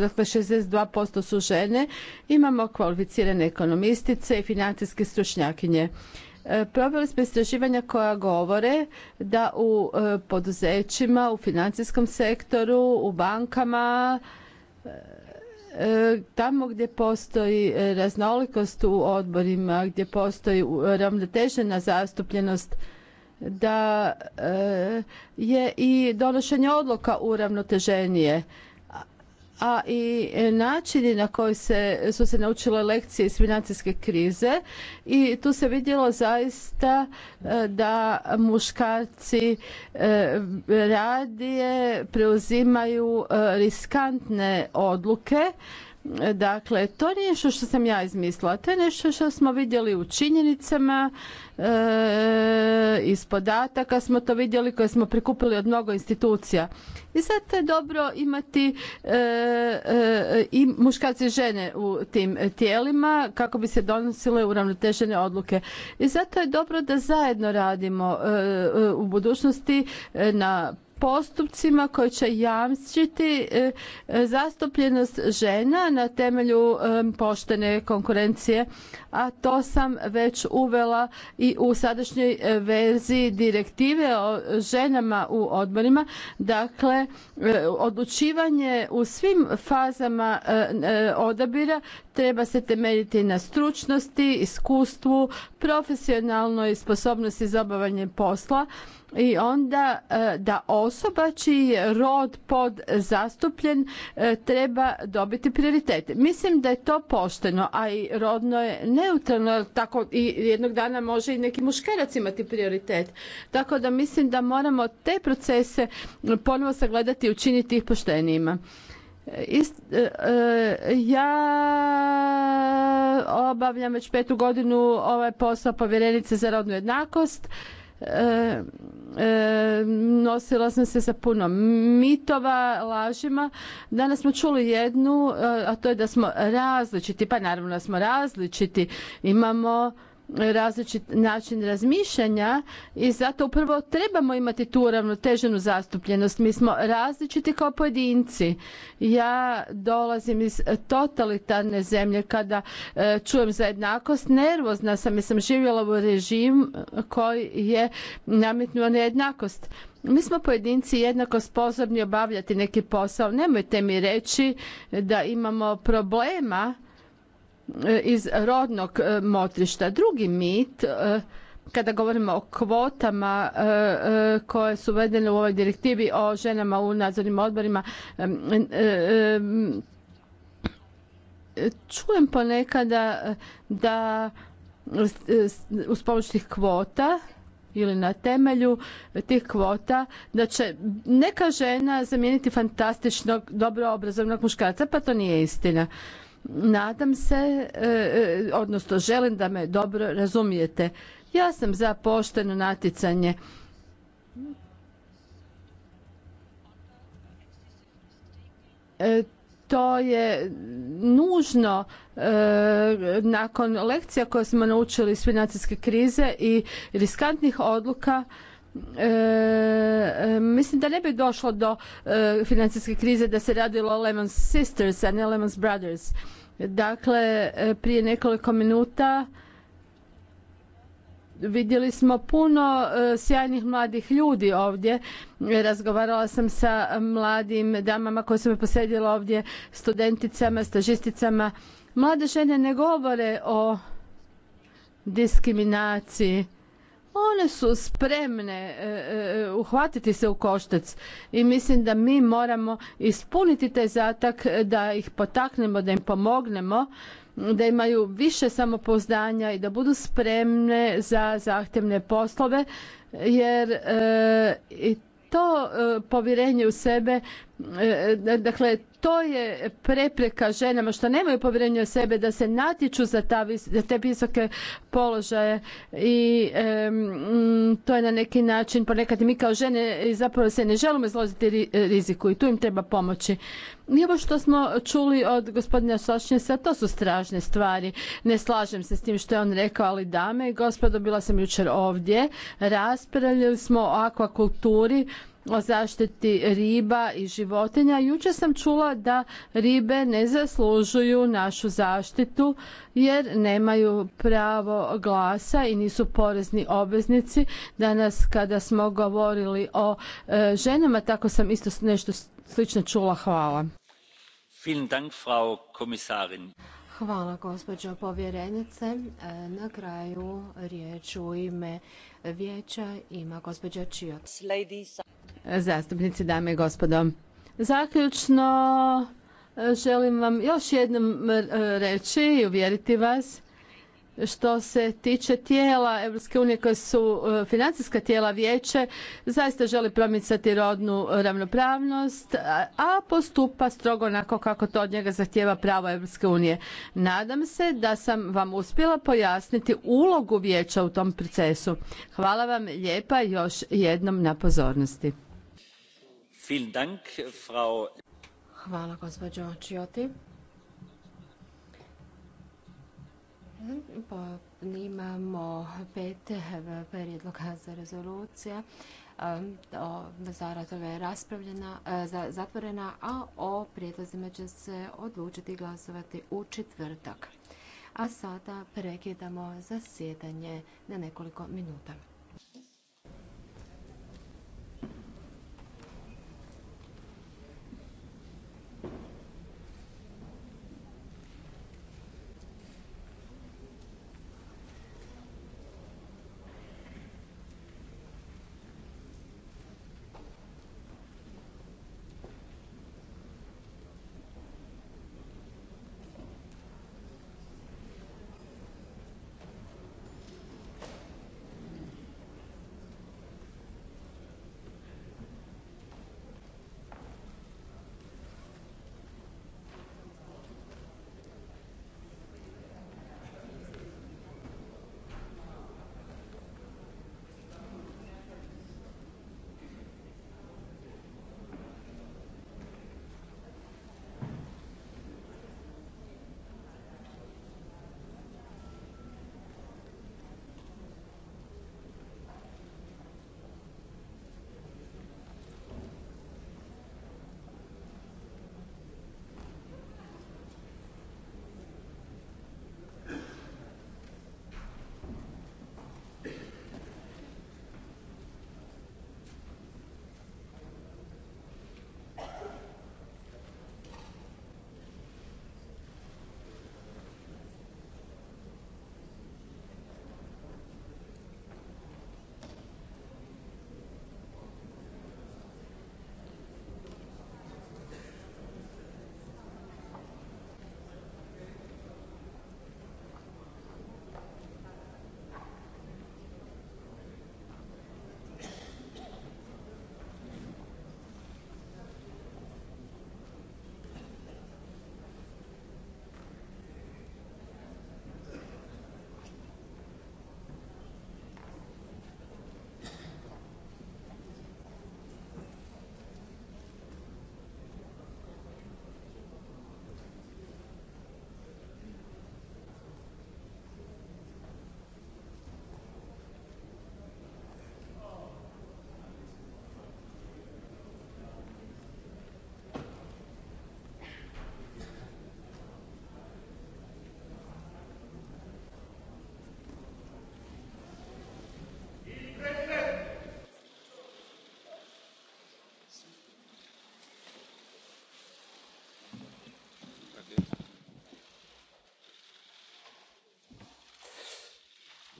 dakle 62% su žene, imamo kvalificirane ekonomistice i financijske stručnjakinje. E, proveli smo istraživanja koja govore da u e, poduzećima, u financijskom sektoru, u bankama, e, tamo gdje postoji raznolikost u odborima, gdje postoji ravnotežena zastupljenost da je i donošenje odluka uravnoteženije a i načini na koji se, su se naučile lekcije iz financijske krize i tu se vidjelo zaista e, da muškarci e, radije preuzimaju e, riskantne odluke Dakle, to nije nešto što sam ja izmislila, to je nešto što smo vidjeli u činjenicama, e, iz podataka smo to vidjeli koje smo prikupili od mnogo institucija. I zato je dobro imati e, e, i muškarci i žene u tim tijelima kako bi se donosile uravnotežene odluke. I zato je dobro da zajedno radimo u budućnosti na postupcima koji će jamčiti e, e, zastupljenost žena na temelju e, poštene konkurencije, a to sam već uvela i u sadašnjoj verziji direktive o ženama u odborima. Dakle, odlučivanje u svim fazama odabira treba se temeljiti na stručnosti, iskustvu, profesionalnoj sposobnosti za obavljanje posla, i onda e, da osoba čiji je rod pod zastupljen e, treba dobiti prioritet. Mislim da je to pošteno, a i rodno je neutralno, tako i jednog dana može i neki muškarac imati prioritet. Tako da mislim da moramo te procese ponovo sagledati i učiniti ih poštenijima. E, ja obavljam već petu godinu ovaj posao povjerenice za rodnu jednakost E, e, nosila sam se sa puno mitova, lažima. Danas smo čuli jednu, e, a to je da smo različiti, pa naravno da smo različiti. Imamo različit način razmišljanja i zato upravo trebamo imati tu uravnoteženu zastupljenost. Mi smo različiti kao pojedinci. Ja dolazim iz totalitarne zemlje kada e, čujem za jednakost, nervozna sam jer sam živjela u režim koji je nametnuo nejednakost. Mi smo pojedinci jednako sposobni obavljati neki posao. Nemojte mi reći da imamo problema E, iz rodnog e, motrišta. Drugi mit e, kada govorimo o kvotama koje su uvedene u ovoj direktivi o ženama u nadzornim odborima čujem ponekada da uz pomoć tih kvota ili na temelju tih kvota da će neka žena zamijeniti fantastičnog dobro obrazovnog muškarca pa to nije istina Nadam se, e, e, odnosno želim da me dobro razumijete. Ja sam za pošteno naticanje. E, to je nužno nakon lekcija koje smo naučili iz financijske krize i riskantnih odluka E, e, mislim da ne bi došlo do e, financijske krize da se radilo o Lemon Sisters, a ne Lemon Brothers. Dakle, e, prije nekoliko minuta vidjeli smo puno sjajnih mladih ljudi ovdje. Razgovarala sam sa mladim damama koje su me posjedile ovdje, studenticama, stažisticama. Mlade žene ne govore o diskriminaciji one su spremne e, e, uhvatiti se u koštac i mislim da mi moramo ispuniti taj zatak e, da ih potaknemo, da im pomognemo da imaju više samopouzdanja i da budu spremne za zahtjevne poslove jer i to povjerenje u sebe E, dakle to je prepreka ženama što nemaju povjerenje u sebe da se natječu za, te visoke položaje i to je na neki način ponekad mi kao žene zapravo se ne želimo izložiti riziku i tu im treba pomoći. I ovo što smo čuli od gospodina Sočnjesa to su stražne stvari. Ne slažem se s tim što je on rekao, ali dame i gospodo, bila sam jučer ovdje. Raspravljali smo o akvakulturi o zaštiti riba i životinja. Jučer sam čula da ribe ne zaslužuju našu zaštitu jer nemaju pravo glasa i nisu porezni obveznici. Danas kada smo govorili o e, ženama, tako sam isto nešto slično čula. Hvala. Hvala gospođo povjerenice. E, na kraju riječ u ime vijeća ima gospođa Čioc zastupnici, dame i gospodo. Zaključno e, želim vam još jednom e, reći i uvjeriti vas što se tiče tijela Europske unije koje su e, financijska tijela vijeće, zaista želi promicati rodnu ravnopravnost, a postupa strogo onako kako to od njega zahtjeva pravo Europske unije. Nadam se da sam vam uspjela pojasniti ulogu vijeća u tom procesu. Hvala vam lijepa još jednom na pozornosti. Hvala gospođo Čioti. Pa, imamo pet prijedloga za rezolucija. je raspravljena, e, zatvorena, a o prijedlozima će se odlučiti glasovati u četvrtak. A sada prekidamo zasjedanje na nekoliko minuta.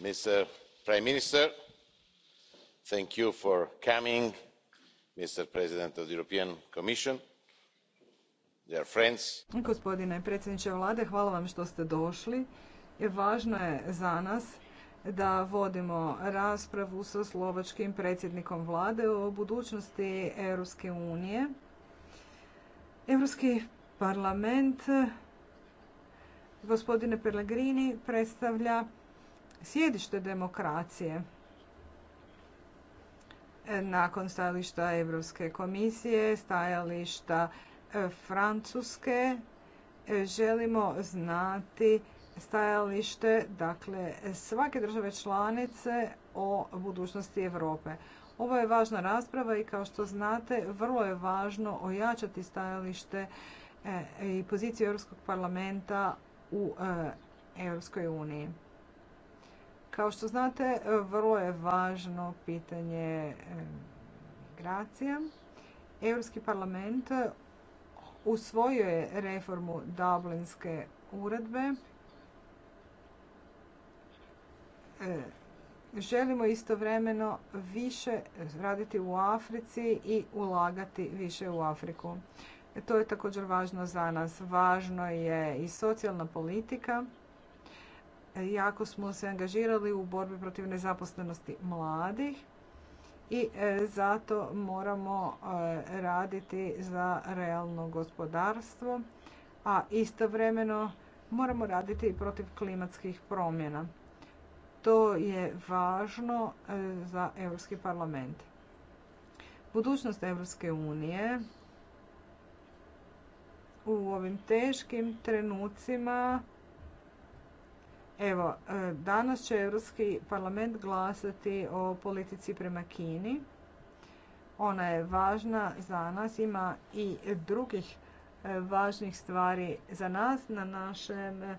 mr prime minister thank you for coming mr president of the european commission dear friends. gospodine predsjedniče vlade hvala vam što ste došli. važno je za nas da vodimo raspravu sa slovačkim predsjednikom vlade o budućnosti europske unije. europski parlament gospodine pellegrini predstavlja sjedište demokracije. E, nakon stajališta Europske komisije, stajališta e, Francuske, e, želimo znati stajalište dakle, svake države članice o budućnosti Europe. Ovo je važna rasprava i kao što znate, vrlo je važno ojačati stajalište i poziciju Europskog parlamenta u Europskoj uniji. Kao što znate, vrlo je važno pitanje migracija. Europski parlament usvojio je reformu Dublinske uredbe. E, želimo istovremeno više raditi u Africi i ulagati više u Afriku. E, to je također važno za nas. Važno je i socijalna politika jako smo se angažirali u borbi protiv nezaposlenosti mladih i e, zato moramo e, raditi za realno gospodarstvo, a istovremeno moramo raditi i protiv klimatskih promjena. To je važno e, za Europski parlament. Budućnost Europske unije u ovim teškim trenucima Evo, e, danas će Europski parlament glasati o politici prema Kini. Ona je važna za nas, ima i drugih e, važnih stvari za nas na našem e,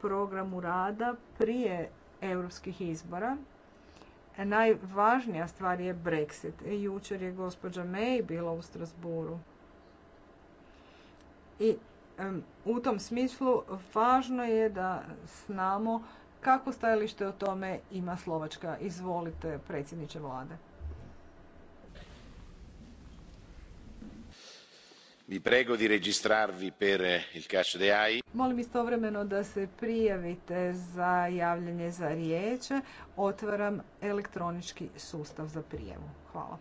programu rada prije europskih izbora. Najvažnija stvar je Brexit. Jučer je gospođa May bila u Strasburu. I u tom smislu važno je da znamo kako stajalište o tome ima Slovačka. Izvolite, predsjedniče vlade. Vi prego di registrarvi per eh, il the Molim istovremeno da se prijavite za javljanje za riječ. Otvaram elektronički sustav za prijavu. Hvala.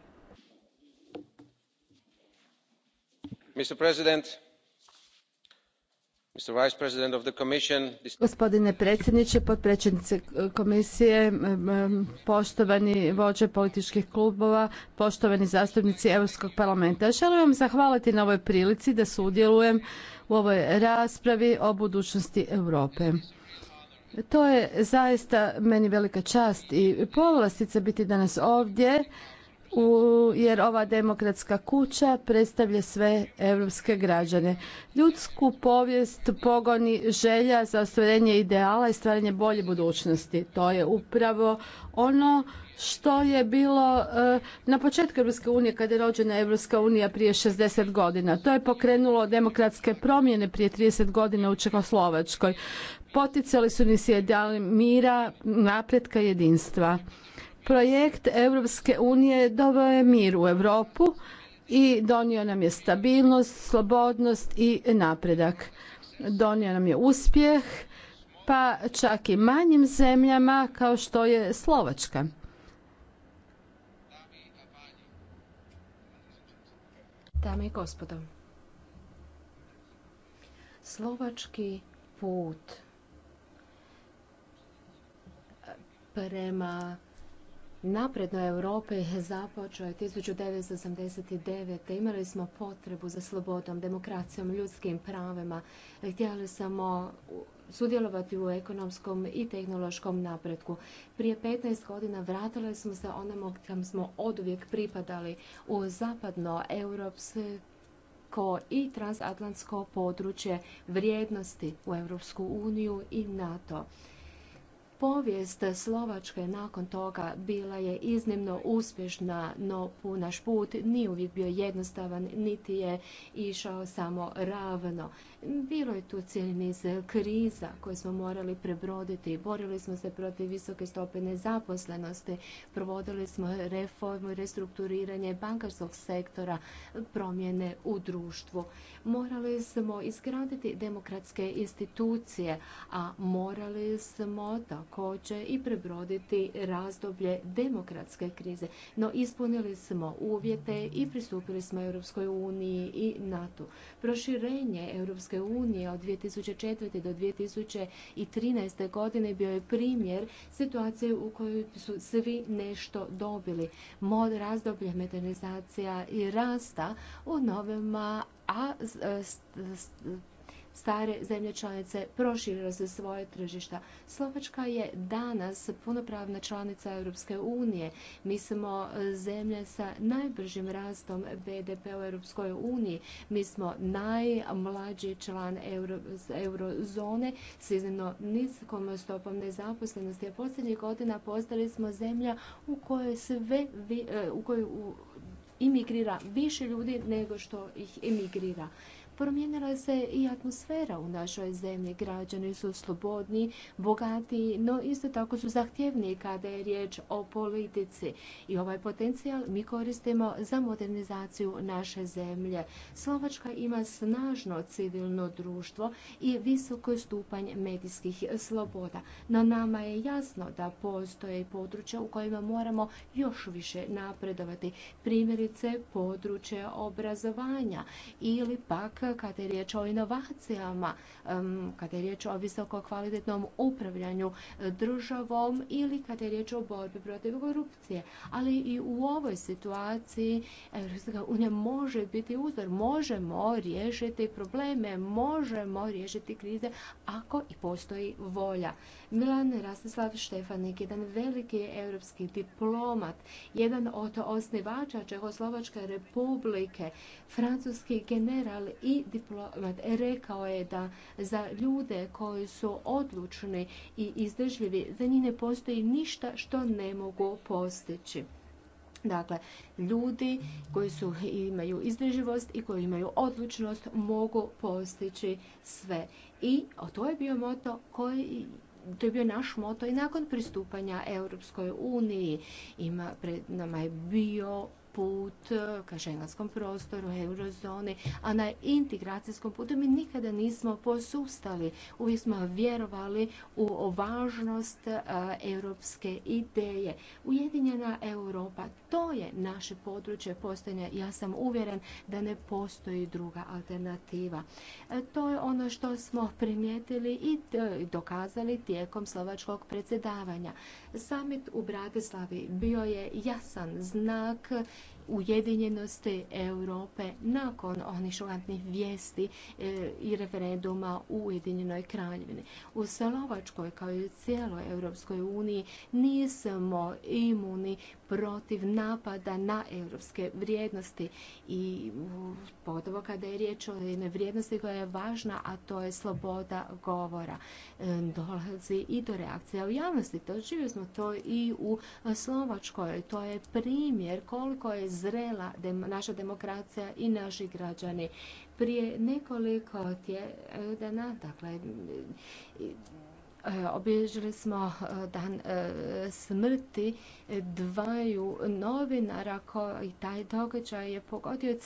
Mr. President, Gospodine predsjedniče, potpredsjednice komisije, poštovani vođe političkih klubova, poštovani zastupnici Europskog parlamenta. Želim vam zahvaliti na ovoj prilici da sudjelujem u ovoj raspravi o budućnosti Europe. To je zaista meni velika čast i povlastica biti danas ovdje jer ova demokratska kuća predstavlja sve europske građane. Ljudsku povijest pogoni želja za ostvarenje ideala i stvaranje bolje budućnosti. To je upravo ono što je bilo eh, na početku Europske unije kada je rođena Europska unija prije 60 godina. To je pokrenulo demokratske promjene prije 30 godina u Čekoslovačkoj. Poticali su nisi ideali mira, napretka jedinstva. Projekt Europske unije doveo je mir u Europu i donio nam je stabilnost, slobodnost i napredak. Donio nam je uspjeh, pa čak i manjim zemljama kao što je Slovačka. Dame i gospodo, slovački put prema napredno Europe započeo je 1989. Imali smo potrebu za slobodom, demokracijom, ljudskim pravima. Htjeli smo sudjelovati u ekonomskom i tehnološkom napretku. Prije 15 godina vratili smo se onamo kam smo oduvijek pripadali u zapadno europsko i transatlantsko područje vrijednosti u Europsku uniju i NATO. Povijest Slovačke nakon toga bila je iznimno uspješna, no naš put nije uvijek bio jednostavan, niti je išao samo ravno. Bilo je tu cijeli niz kriza koje smo morali prebroditi. Borili smo se protiv visoke stope nezaposlenosti, provodili smo reformu i restrukturiranje bankarskog sektora, promjene u društvu. Morali smo izgraditi demokratske institucije, a morali smo to lakoće i prebroditi razdoblje demokratske krize. No ispunili smo uvjete i pristupili smo Europskoj uniji i NATO. Proširenje Europske unije od 2004. do 2013. godine bio je primjer situacije u kojoj su svi nešto dobili. Mod razdoblje modernizacija i rasta u novema... a stare zemlje članice proširila se svoje tržišta. Slovačka je danas punopravna članica Europske unije. Mi smo e, zemlja sa najbržim rastom BDP u Europskoj uniji. Mi smo najmlađi član eurozone s iznimno niskom stopom nezaposlenosti. A posljednjih godina postali smo zemlja u kojoj sve e, u kojoj imigrira više ljudi nego što ih emigrira. Promijenila se i atmosfera u našoj zemlji. Građani su slobodni, bogati, no isto tako su zahtjevniji kada je riječ o politici. I ovaj potencijal mi koristimo za modernizaciju naše zemlje. Slovačka ima snažno civilno društvo i visoko stupanj medijskih sloboda. Na nama je jasno da postoje područja u kojima moramo još više napredovati. Primjerice područje obrazovanja ili pak kada je riječ o inovacijama, kada je riječ o visoko kvalitetnom upravljanju e, državom ili kada je riječ o borbi protiv korupcije. Ali i u ovoj situaciji EU može biti uzor. Možemo riješiti probleme, možemo riješiti krize ako i postoji volja. Milan Rastislav Štefanik, jedan veliki europski diplomat, jedan od osnivača Čehoslovačke republike, francuski general i diplomat rekao je da za ljude koji su odlučni i izdržljivi, za njih ne postoji ništa što ne mogu postići. Dakle, ljudi koji su, imaju izdrživost i koji imaju odlučnost mogu postići sve. I to je bio moto koji to je bio naš moto i nakon pristupanja Europskoj uniji. Ima pred nama je bio put eh, ka prostoru, eurozoni, a na integracijskom putu mi nikada nismo posustali. Uvijek smo vjerovali u važnost eh, europske ideje. Ujedinjena Europa je naše područje postojanja. Ja sam uvjeren da ne postoji druga alternativa. E, to je ono što smo primijetili i e, dokazali tijekom slovačkog predsjedavanja. Samit u Bratislavi bio je jasan znak ujedinjenosti Europe nakon onih šokantnih vijesti e, i referenduma u Ujedinjenoj kraljevini. U Slovačkoj kao i u cijeloj Europskoj uniji nismo imuni protiv napada na europske vrijednosti i podovo kada je riječ o jednoj vrijednosti koja je važna, a to je sloboda govora. E, dolazi i do reakcija u javnosti. To živio smo to i u Slovačkoj. To je primjer koliko je zrela naša demokracija i naši građani. Prije nekoliko tjedana, dakle, e, obilježili smo e, dan e, smrti dvaju novinara koji taj događaj je pogodio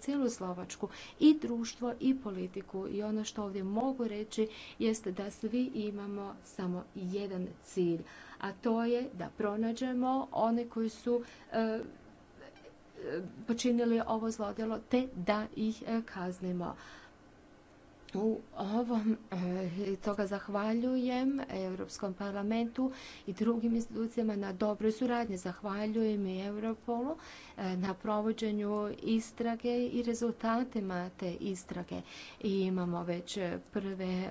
cijelu Slovačku i društvo i politiku i ono što ovdje mogu reći jeste da svi imamo samo jedan cilj a to je da pronađemo one koji su počinili ovo zlodjelo te da ih e, kaznimo. U ovom e, toga zahvaljujem Europskom parlamentu i drugim institucijama na dobroj suradnji. Zahvaljujem i Europolu e, na provođenju istrage i rezultatima te istrage. I imamo već prve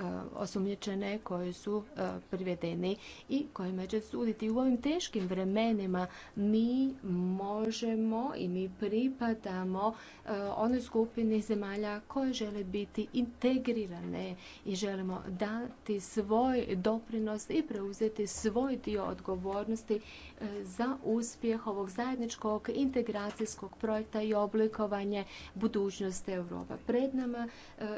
E, osumnjičene koje su e, privedeni i kojima će suditi. U ovim teškim vremenima mi možemo i mi pripadamo e, onoj skupini zemalja koje žele biti integrirane i želimo dati svoj doprinos i preuzeti svoj dio odgovornosti za uspjeh ovog zajedničkog integracijskog projekta i oblikovanje budućnosti Europa. Pred nama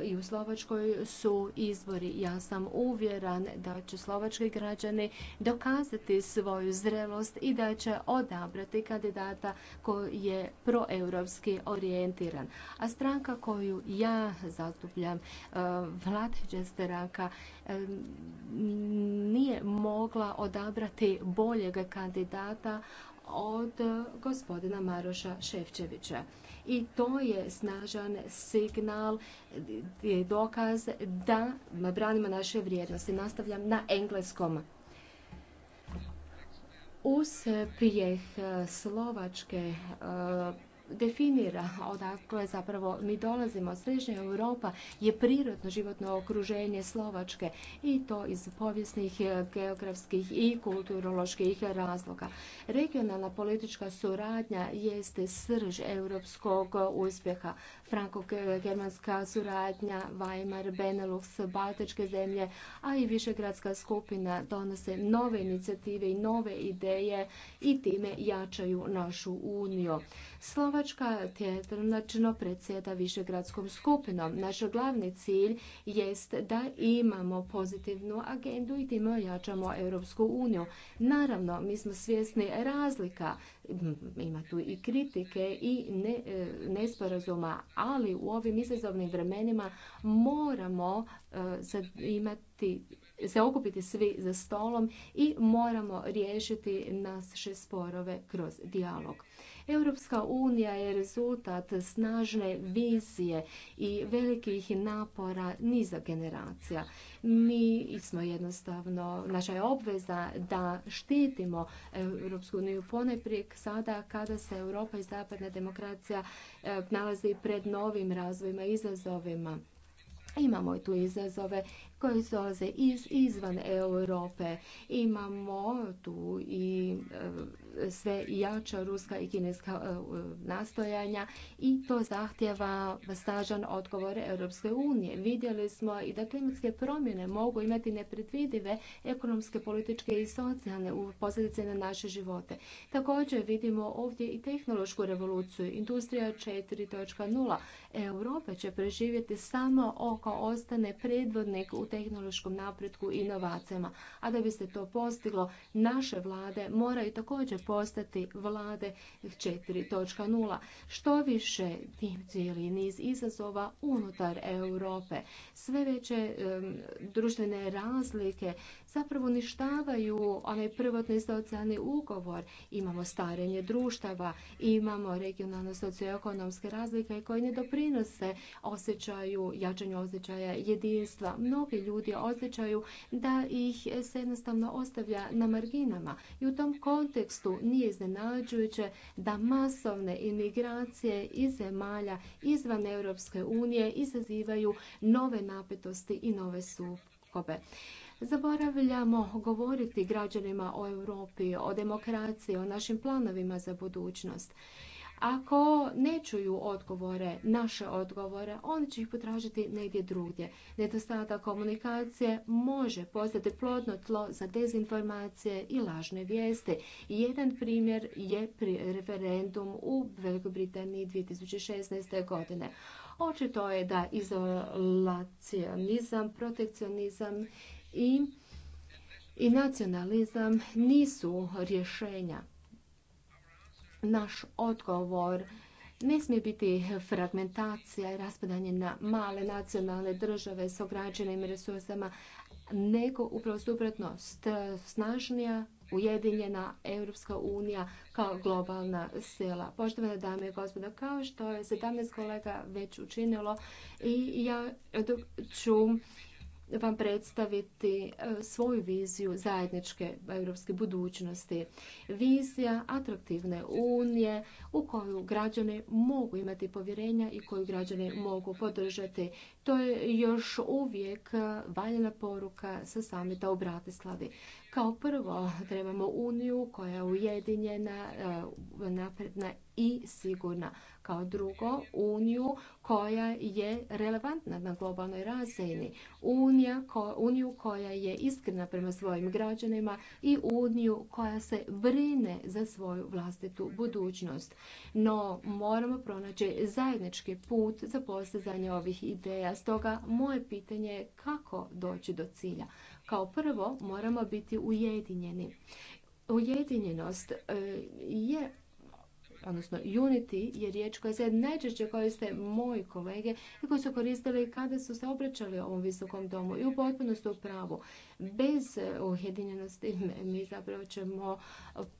i u Slovačkoj su izbori. Ja sam uvjeran da će slovački građani dokazati svoju zrelost i da će odabrati kandidata koji je proeuropski orijentiran. A stranka koju ja zastupljam, e, vladajuća stranka, e, nije mogla odabrati boljeg kandidata od e, gospodina Maroša Ševčevića. I to je snažan signal, e, dokaz da branimo naše vrijednosti. Nastavljam na engleskom. prijeh e, Slovačke definira odakle zapravo mi dolazimo. Srednja Europa je prirodno životno okruženje Slovačke i to iz povijesnih, e, geografskih i kulturoloških razloga. Regionalna politička suradnja jeste srž europskog uspjeha. Franko-germanska suradnja, Weimar, Benelux, Baltičke zemlje, a i Višegradska skupina donose nove inicijative i nove ideje i time jačaju našu uniju. Slovačka tjednačno predsjeda višegradskom skupinom. Naš glavni cilj jest da imamo pozitivnu agendu i time ojačamo Europsku uniju. Naravno, mi smo svjesni razlika, mm, ima tu i kritike i e, nesporazuma, ali u ovim izazovnim vremenima moramo e, imati se okupiti svi za stolom i moramo riješiti naše sporove kroz dijalog. Europska unija je rezultat snažne vizije i velikih napora niza generacija. Mi smo jednostavno, naša je obveza da štitimo Europsku uniju ponajprije sada kada se Europa i zapadna demokracija e, nalazi pred novim razvojima i izazovima. Imamo tu izazove koje dolaze izvan Europe. Imamo tu i e, sve jača ruska i kineska e, nastojanja i to zahtjeva stažan odgovor Europske unije. Vidjeli smo i da klimatske promjene mogu imati nepredvidive ekonomske, političke i socijalne posljedice na naše živote. Također vidimo ovdje i tehnološku revoluciju, industrija 4.0. Europa će preživjeti samo oko ostane predvodnik u tehnološkom napretku i inovacijama. A da bi se to postiglo, naše vlade moraju također postati vlade 4.0. Što više cijeli niz izazova unutar Europe. Sve veće društvene razlike zapravo uništavaju onaj prvotni socijalni ugovor. Imamo starenje društava, imamo regionalne socioekonomske razlike koje ne doprinose osjećaju, jačanju osjećaja jedinstva. Mnogi ljudi osjećaju da ih se jednostavno ostavlja na marginama. I u tom kontekstu nije iznenađujuće da masovne imigracije iz zemalja izvan Europske unije izazivaju nove napetosti i nove sukobe. Zaboravljamo govoriti građanima o Europi, o demokraciji, o našim planovima za budućnost. Ako ne čuju odgovore, naše odgovore, oni će ih potražiti negdje drugdje. Nedostatak komunikacije može postati plodno tlo za dezinformacije i lažne vijeste. Jedan primjer je referendum u Velikoj Britaniji 2016. godine. Očito je da izolacionizam, protekcionizam i, i nacionalizam nisu rješenja. Naš odgovor ne smije biti fragmentacija i raspadanje na male nacionalne države s ograničenim resursama, nego upravo suprotno snažnija Ujedinjena Europska unija kao globalna sila. Poštovane dame i gospodo, kao što je 17 kolega već učinilo i ja ću vam predstaviti e, svoju viziju zajedničke europske budućnosti. Vizija atraktivne unije u koju građani mogu imati povjerenja i koju građani mogu podržati. To je još uvijek valjena poruka sa samita u Bratislavi. Kao prvo, trebamo uniju koja je ujedinjena, e, napredna i sigurna. Kao drugo, uniju koja je relevantna na globalnoj razini. uniju koja je iskrena prema svojim građanima i uniju koja se brine za svoju vlastitu budućnost. No, moramo pronaći zajednički put za postizanje ovih ideja. Stoga, moje pitanje je kako doći do cilja. Kao prvo moramo biti ujedinjeni. Ujedinjenost e, je odnosno unity je riječ koja se najčešće koriste moji kolege i koji su koristili kada su se obraćali ovom visokom domu i u potpunosti u pravu. Bez e, ujedinjenosti mi zapravo ćemo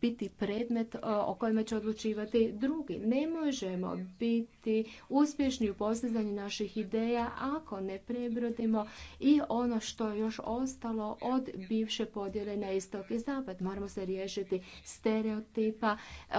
biti predmet e, o kojima će odlučivati drugi. Ne možemo biti uspješni u postizanju naših ideja ako ne prebrodimo i ono što je još ostalo od bivše podjele na istok i zapad. Moramo se riješiti stereotipa, e,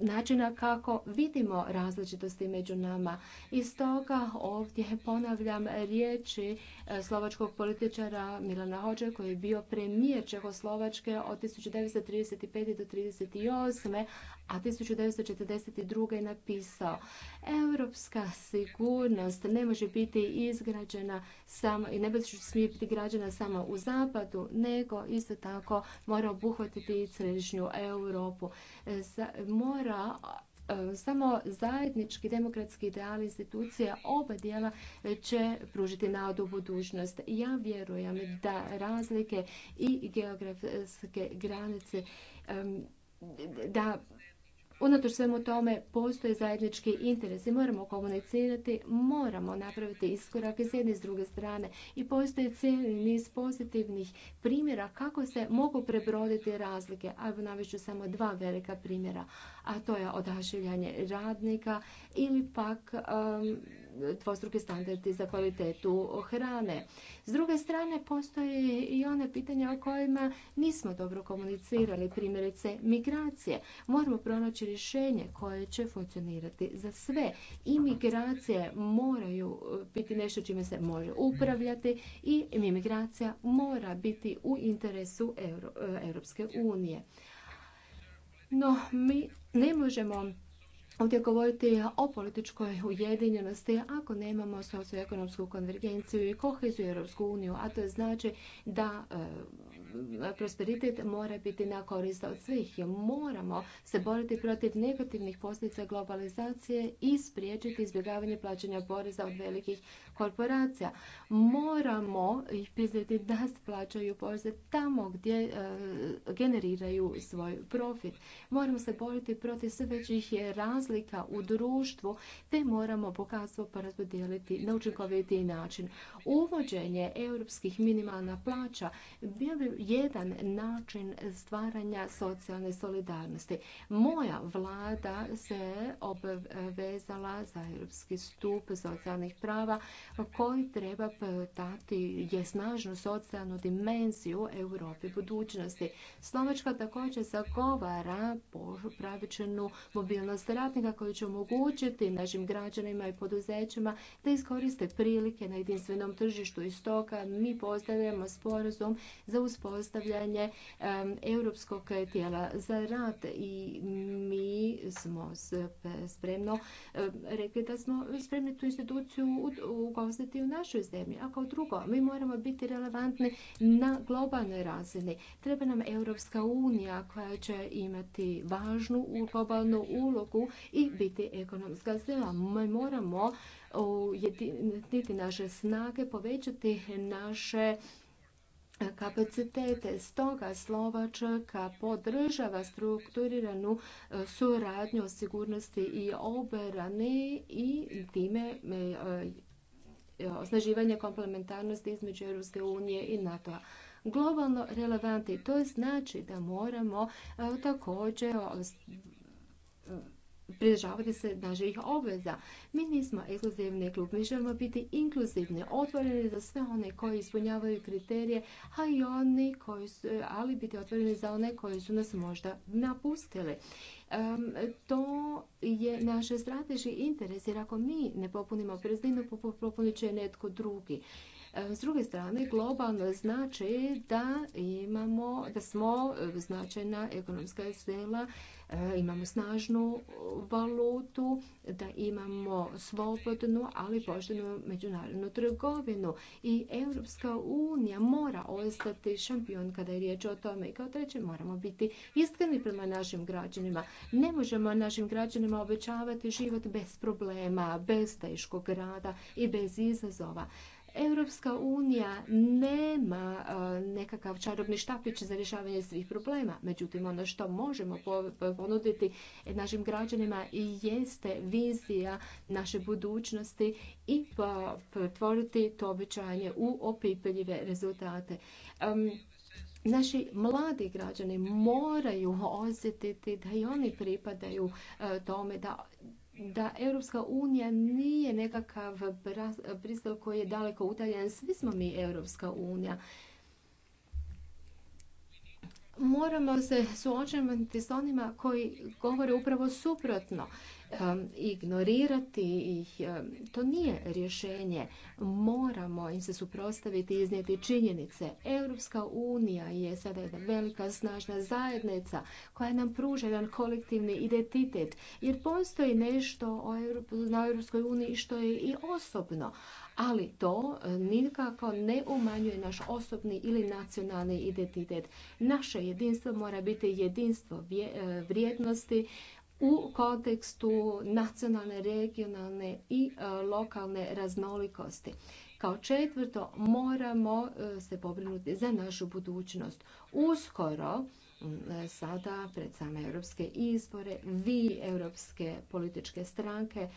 načina kako vidimo različitosti među nama. I stoga ovdje ponavljam riječi slovačkog političara Milana Hođe koji je bio premijer Čehoslovačke od 1935. do 1938. a 1942. je napisao Europska sigurnost ne može biti izgrađena samo i ne može smije biti građena samo u zapadu, nego isto tako mora obuhvatiti i središnju Europu. E, mora samo zajednički demokratski ideal institucije oba dijela će pružiti nadu budućnost. Ja vjerujem da razlike i geografske granice da Unatoč svemu tome postoje zajednički interesi, moramo komunicirati, moramo napraviti iskorak iz s jedne i s druge strane i postoje cijeli niz pozitivnih primjera kako se mogu prebroditi razlike, a navišću samo dva velika primjera, a to je odašiljanje radnika ili pak um, dvostruki standardi za kvalitetu hrane. S druge strane, postoje i one pitanja o kojima nismo dobro komunicirali, primjerice migracije. Moramo pronaći rješenje koje će funkcionirati za sve. I migracije moraju uh, biti nešto čime se može upravljati i imigracija mora biti u interesu uh, Europske unije. No, mi ne možemo ovdje govoriti o političkoj ujedinjenosti ako nemamo socioekonomsku konvergenciju i koheziju Europsku uniju, a to znači da e, prosperitet mora biti na korist od svih. Moramo se boriti protiv negativnih posljedica globalizacije i spriječiti izbjegavanje plaćanja poreza od velikih korporacija. Moramo ih priznati da plaćaju poreze tamo gdje e, generiraju svoj profit. Moramo se boriti protiv sve većih raz razlika u društvu, te moramo bogatstvo porazpodijeliti na učinkovitiji način. Uvođenje europskih minimalna plaća bio bi jedan način stvaranja socijalne solidarnosti. Moja vlada se obvezala za europski stup socijalnih prava koji treba dati je snažnu socijalnu dimenziju Europi budućnosti. Slovačka također zagovara pravičnu mobilnost radnika marketinga koji će omogućiti našim građanima i poduzećima da iskoriste prilike na jedinstvenom tržištu i stoga mi pozdravljamo sporazum za uspostavljanje europskog tijela za rad i mi smo e, spremno e, rekli da smo spremni tu instituciju ugostiti u našoj zemlji. A kao drugo, mi moramo biti relevantni na globalnoj razini. Treba nam Europska unija koja će imati važnu globalnu ulogu i biti ekonomska sila. Mi moramo uh, ujediniti naše snage, povećati naše kapacitete. Stoga Slovačka podržava strukturiranu uh, suradnju o sigurnosti i obrani i time uh, osnaživanje komplementarnosti između Europske unije i nato globalno relevantni. To znači da moramo također pridržavati se naših obveza. Mi nismo ekskluzivni klub, mi želimo biti inkluzivni, otvoreni za sve one koji ispunjavaju kriterije, a i oni koji su, ali biti otvoreni za one koji su nas možda napustili. to je naš strateški interes, jer ako mi ne popunimo prazninu, popunit će netko drugi. S druge strane, globalno znači da imamo, da smo značajna ekonomska sila E, imamo snažnu valutu, da imamo svobodnu, ali poštenu međunarodnu trgovinu. I Europska unija mora ostati šampion kada je riječ o tome. I kao treće moramo biti iskreni prema našim građanima. Ne možemo našim građanima obećavati život bez problema, bez teškog rada i bez izazova. Europska unija nema e, nekakav čarobni štapić za rješavanje svih problema. Međutim, ono što možemo ponuditi našim građanima jeste vizija naše budućnosti i pretvoriti to obećanje u opipljive rezultate. Naši mladi građani moraju osjetiti da i oni pripadaju e, tome da da Europska unija nije nekakav brisel koji je daleko udaljen. Svi smo mi Europska unija. Moramo se suočiti s onima koji govore upravo suprotno. Ignorirati ih, to nije rješenje. Moramo im se suprostaviti i iznijeti činjenice. Europska unija je sada jedna velika, snažna zajednica koja nam pruža jedan kolektivni identitet. Jer postoji nešto na Europskoj uniji što je i osobno. Ali to nikako ne umanjuje naš osobni ili nacionalni identitet. Naše jedinstvo mora biti jedinstvo vrijednosti, u kontekstu nacionalne, regionalne i e, lokalne raznolikosti. Kao četvrto, moramo e, se pobrinuti za našu budućnost. Uskoro, e, sada pred same europske izbore, vi europske političke stranke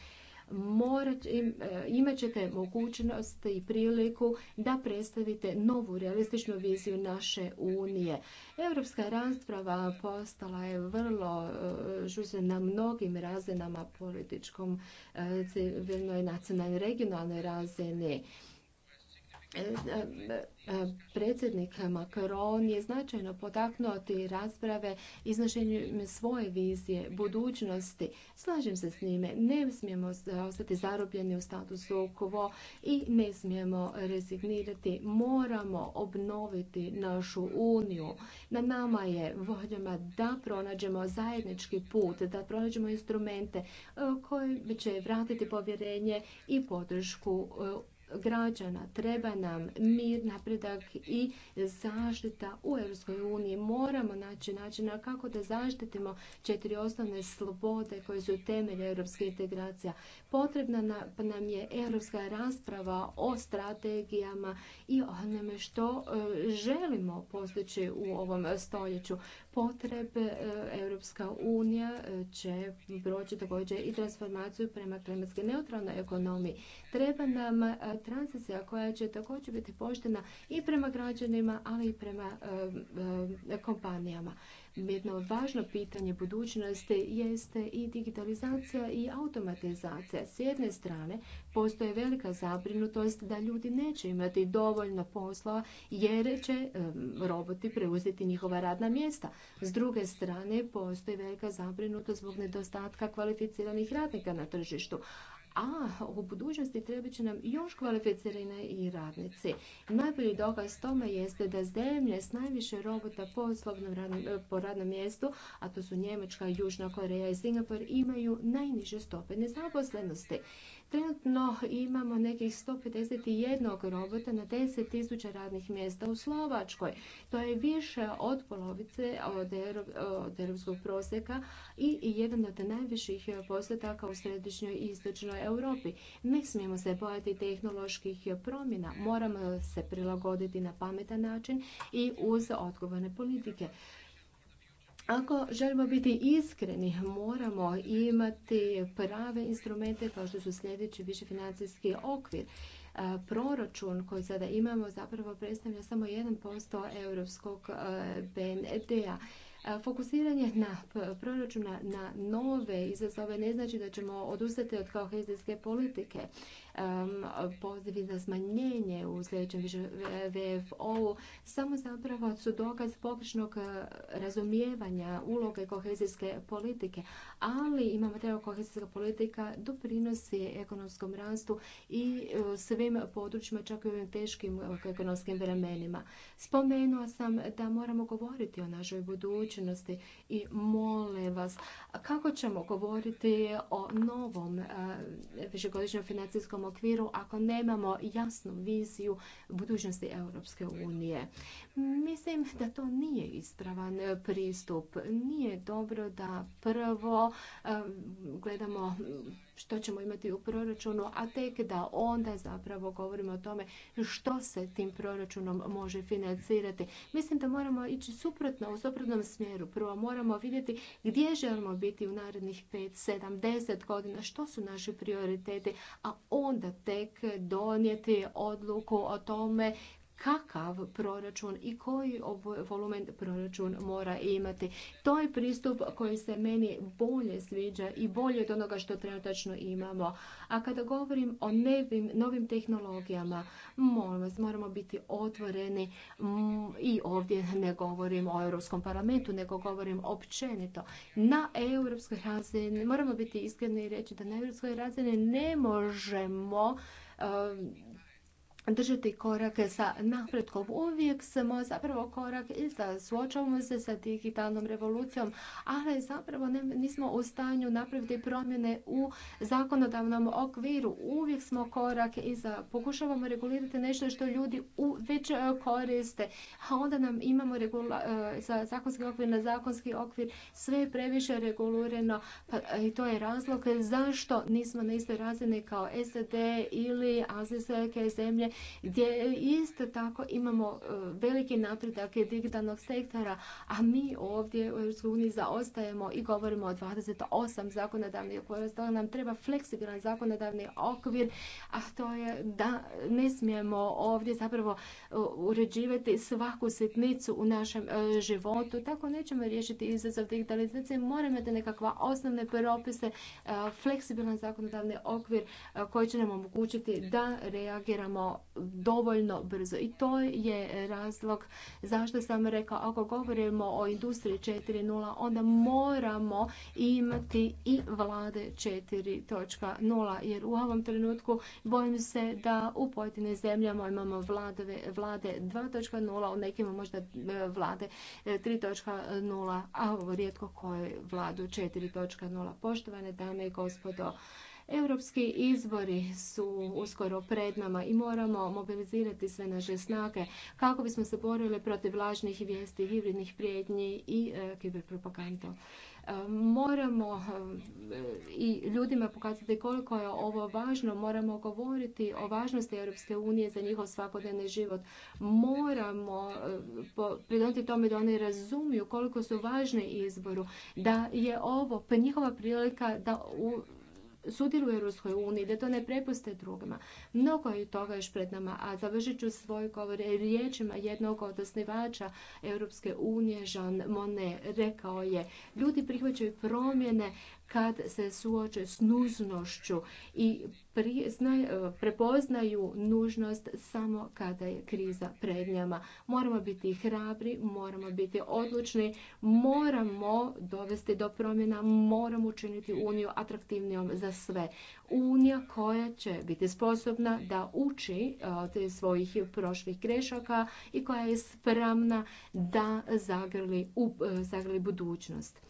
E, imat ćete mogućnost i priliku da predstavite novu realističnu viziju naše unije. Europska rasprava postala je vrlo e, žužena na mnogim razinama političkom, e, civilnoj, nacionalnoj, regionalnoj razini E, predsjednik Macron je značajno potaknuo te rasprave iznošenjem svoje vizije, budućnosti. Slažem se s njime, ne smijemo ostati zarobljeni u statusu okovo i ne smijemo rezignirati. Moramo obnoviti našu uniju. Na nama je voljama da pronađemo zajednički put, da pronađemo instrumente e, koji će vratiti povjerenje i podršku e, građana, treba nam mir, napredak i zaštita u Europskoj uniji. Moramo naći načina kako da zaštitimo četiri osnovne slobode koje su temelje europske integracija. Potrebna nam je europska rasprava o strategijama i onome što e, želimo postići u ovom stoljeću. Potrebe e, Europska unija e, će proći također i transformaciju prema klimatske neutralnoj ekonomiji. Treba nam e, tranzicija koja će također biti poštena i prema građanima, ali i prema kompanijama. Jedno važno pitanje budućnosti jeste i digitalizacija i automatizacija. S jedne strane, postoje velika zabrinutost da ljudi neće imati dovoljno posla jer će roboti preuzeti njihova radna mjesta. S druge strane, postoji velika zabrinutost zbog nedostatka kvalificiranih radnika na tržištu a u budućnosti trebati će nam još kvalificirane i radnici. Najbolji dokaz tome jeste da zemlje s najviše robota po, radnom, eh, po radnom mjestu, a to su Njemačka, Južna Koreja i Singapur, imaju najniže stope nezaposlenosti. Trenutno imamo nekih 151 robota na 10.000 radnih mjesta u Slovačkoj. To je više od polovice od europskog prosjeka i jedan od najviših postotaka u središnjoj i istočnoj Europi. Ne smijemo se bojati tehnoloških promjena. Moramo se prilagoditi na pametan način i uz odgovorne politike. Ako želimo biti iskreni, moramo imati prave instrumente kao što su sljedeći više financijski okvir. Proračun koji sada imamo zapravo predstavlja samo 1% europskog BND-a. Fokusiranje na proračuna na nove izazove ne znači da ćemo odustati od kohezijske politike pozivi za smanjenje u sljedećem VFO-u samo zapravo su dokaz pogrešnog eh, razumijevanja uloge kohezijske politike, ali imamo treba kohezijska politika doprinosi ekonomskom rastu i eh, svim područjima, čak i ovim teškim eh, ekonomskim vremenima. Spomenula sam da moramo govoriti o našoj budućnosti i mole vas, kako ćemo govoriti o novom višegodišnjem financijskom okviru ako nemamo jasnu viziju budućnosti Europske unije. Mislim da to nije ispravan pristup. Nije dobro da prvo gledamo što ćemo imati u proračunu, a tek da onda zapravo govorimo o tome što se tim proračunom može financirati. Mislim da moramo ići suprotno, u suprotnom smjeru. Prvo moramo vidjeti gdje želimo biti u narednih 5, 7, 10 godina, što su naše prioriteti, a da tek donijeti odluku o tome kakav proračun i koji volumen proračun mora imati. To je pristup koji se meni bolje sviđa i bolje od onoga što trenutačno imamo. A kada govorim o nevim, novim tehnologijama, molim vas, moramo biti otvoreni i ovdje ne govorim o Europskom parlamentu, nego govorim općenito. Na europskoj razini, moramo biti iskreni i reći da na europskoj razini ne možemo držati korak sa napretkom. Uvijek smo zapravo korak za suočavamo se sa digitalnom revolucijom, ali zapravo nismo u stanju napraviti promjene u zakonodavnom okviru. Uvijek smo korak iza, pokušavamo regulirati nešto što ljudi u, već e, koriste, a onda nam imamo e, za zakonski okvir na zakonski okvir, sve je previše regulirano pa, i to je razlog zašto nismo na istoj razini kao SD ili azijske zemlje gdje isto tako imamo e, veliki napredak digitalnog sektora, a mi ovdje u EU zaostajemo i govorimo o 28 zakonodavnih okvira. To nam treba fleksibilan zakonodavni okvir, a to je da ne smijemo ovdje zapravo e, uređivati svaku sitnicu u našem e, životu. Tako nećemo riješiti izazov digitalizacije. Moramo imati nekakva osnovne propise, fleksibilan zakonodavni okvir koji će nam omogućiti da reagiramo dovoljno brzo. I to je razlog zašto sam rekao, ako govorimo o industriji 4.0, onda moramo imati i vlade 4.0, jer u ovom trenutku bojim se da u pojedinim zemljama imamo vlade, vlade 2.0, u nekim možda e, vlade 3.0, e, a rijetko koje vladu 4.0. Poštovane dame i gospodo, Europski izbori su uskoro pred nama i moramo mobilizirati sve naše snage kako bismo se borili protiv lažnih vijesti, hibridnih prijetnji i e, kiberpropagande e, moramo e, i ljudima pokazati koliko je ovo važno, moramo govoriti o važnosti Europske unije za njihov svakodnevni život. Moramo pridoniti tome da oni razumiju koliko su važni izboru, da je ovo pa njihova prilika da u sudjeluju u Ruskoj uniji, da to ne prepuste drugima. Mnogo je toga još pred nama, a završit ću svoj govor riječima jednog od osnivača Europske unije, Jean Monnet, rekao je, ljudi prihvaćaju promjene kad se suoče s nužnošću i e, prepoznaju nužnost samo kada je kriza pred njama. Moramo biti hrabri, moramo biti odlučni, moramo dovesti do promjena, moramo učiniti Uniju atraktivnijom za sve. Unija koja će biti sposobna da uči e, od svojih prošlih grešaka i koja je spremna da zagrli, e, zagrli budućnost.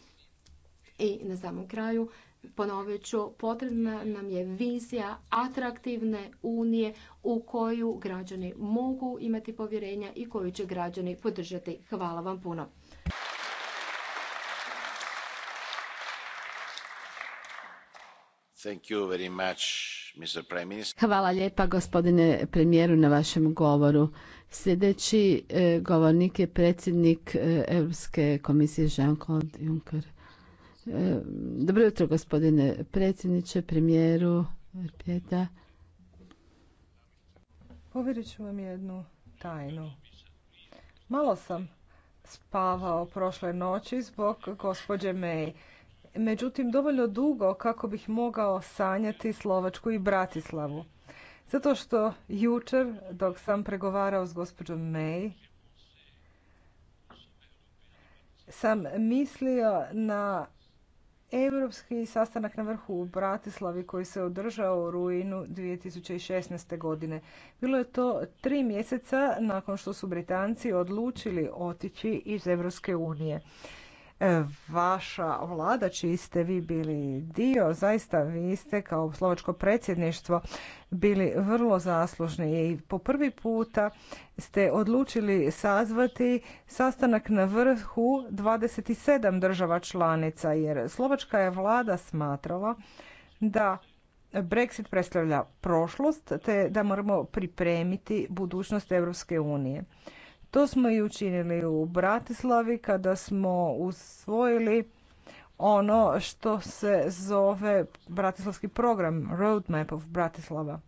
I na samom kraju ponovit ću, potrebna nam je vizija atraktivne unije u koju građani mogu imati povjerenja i koju će građani podržati. Hvala vam puno. Hvala lijepa gospodine premijeru na vašem govoru. Sljedeći e, govornik je predsjednik e, Europske komisije Jean-Claude Juncker. E, dobro jutro gospodine predsjedniče, premijeru, Pjeta. Povjerit ću vam jednu tajnu. Malo sam spavao prošle noći zbog gospođe May. Međutim, dovoljno dugo kako bih mogao sanjati Slovačku i Bratislavu. Zato što jučer, dok sam pregovarao s gospođom May, sam mislio na Europski sastanak na vrhu u Bratislavi koji se održao u rujnu 2016. godine. Bilo je to tri mjeseca nakon što su Britanci odlučili otići iz Europske unije vaša vlada čiji ste vi bili dio, zaista vi ste kao slovačko predsjedništvo bili vrlo zaslužni i po prvi puta ste odlučili sazvati sastanak na vrhu 27 država članica jer slovačka je vlada smatrala da Brexit predstavlja prošlost te da moramo pripremiti budućnost Europske unije. To smo i učinili u Bratislavi kada smo usvojili ono što se zove Bratislavski program, Roadmap of Bratislava.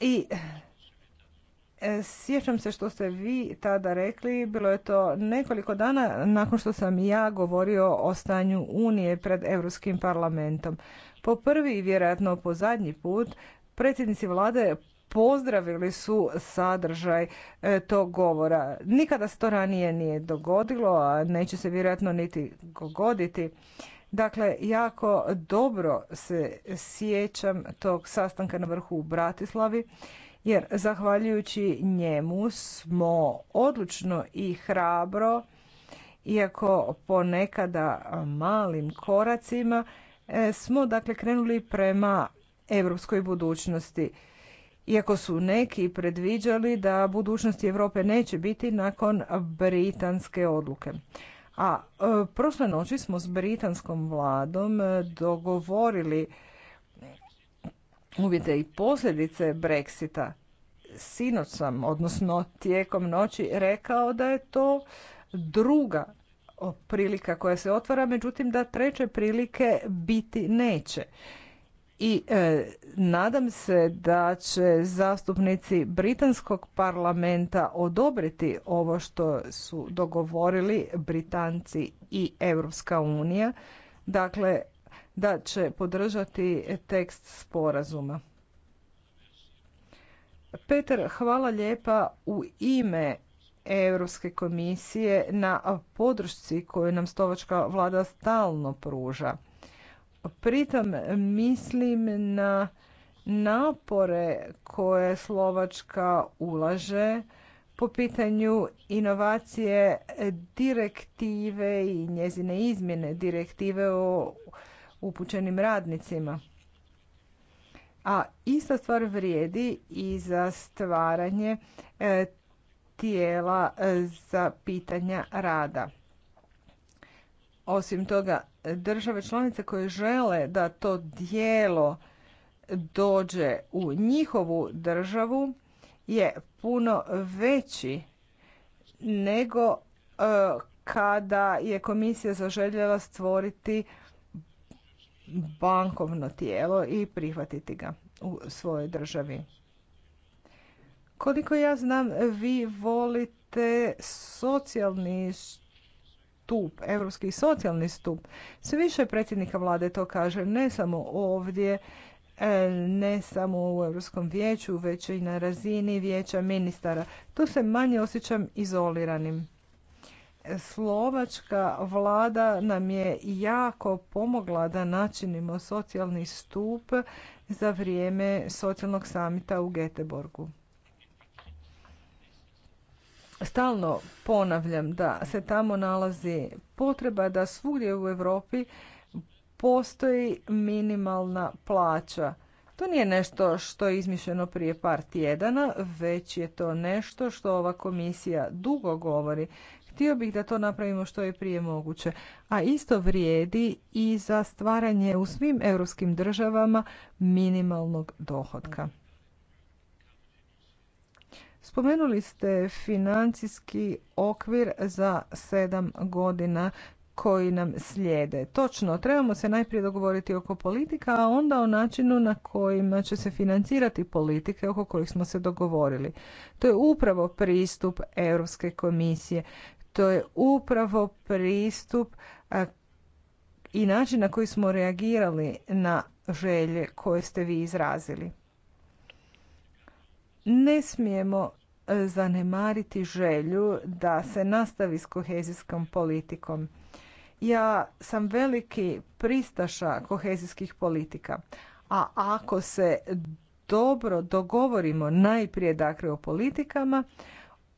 I e, sjećam se što ste vi tada rekli, bilo je to nekoliko dana nakon što sam ja govorio o stanju Unije pred Europskim parlamentom. Po prvi i vjerojatno po zadnji put predsjednici vlade pozdravili su sadržaj e, tog govora. Nikada se to ranije nije dogodilo, a neće se vjerojatno niti dogoditi. Dakle, jako dobro se sjećam tog sastanka na vrhu u Bratislavi, jer zahvaljujući njemu smo odlučno i hrabro, iako ponekada malim koracima, e, smo dakle krenuli prema europskoj budućnosti. Iako su neki predviđali da budućnosti Europe neće biti nakon britanske odluke. A e, prošle noći smo s britanskom vladom e, dogovorili uvjete i posljedice Brexita. Sinoć sam, odnosno tijekom noći, rekao da je to druga prilika koja se otvara, međutim da treće prilike biti neće i e, nadam se da će zastupnici britanskog parlamenta odobriti ovo što su dogovorili Britanci i Europska unija, dakle da će podržati tekst sporazuma. Peter, hvala lijepa u ime Europske komisije na podršci koju nam stovačka vlada stalno pruža. Pritom mislim na napore koje Slovačka ulaže po pitanju inovacije direktive i njezine izmjene direktive o upućenim radnicima. A ista stvar vrijedi i za stvaranje e, tijela e, za pitanja rada. Osim toga, države članice koje žele da to dijelo dođe u njihovu državu je puno veći nego e, kada je komisija zaželjela stvoriti bankovno tijelo i prihvatiti ga u svojoj državi. Koliko ja znam, vi volite socijalni stup, europski socijalni stup. Sve više predsjednika vlade to kaže, ne samo ovdje, e, ne samo u Europskom vijeću, već i na razini vijeća ministara. Tu se manje osjećam izoliranim. Slovačka vlada nam je jako pomogla da načinimo socijalni stup za vrijeme socijalnog samita u Geteborgu stalno ponavljam da se tamo nalazi potreba da svugdje u Europi postoji minimalna plaća. To nije nešto što je izmišljeno prije par tjedana, već je to nešto što ova komisija dugo govori. Htio bih da to napravimo što je prije moguće. A isto vrijedi i za stvaranje u svim europskim državama minimalnog dohodka. Spomenuli ste financijski okvir za sedam godina koji nam slijede. Točno, trebamo se najprije dogovoriti oko politika, a onda o načinu na kojima će se financirati politike oko kojih smo se dogovorili. To je upravo pristup Europske komisije. To je upravo pristup i način na koji smo reagirali na želje koje ste vi izrazili. Ne smijemo e, zanemariti želju da se nastavi s kohezijskom politikom. Ja sam veliki pristaša kohezijskih politika, a ako se dobro dogovorimo najprije dakle o politikama,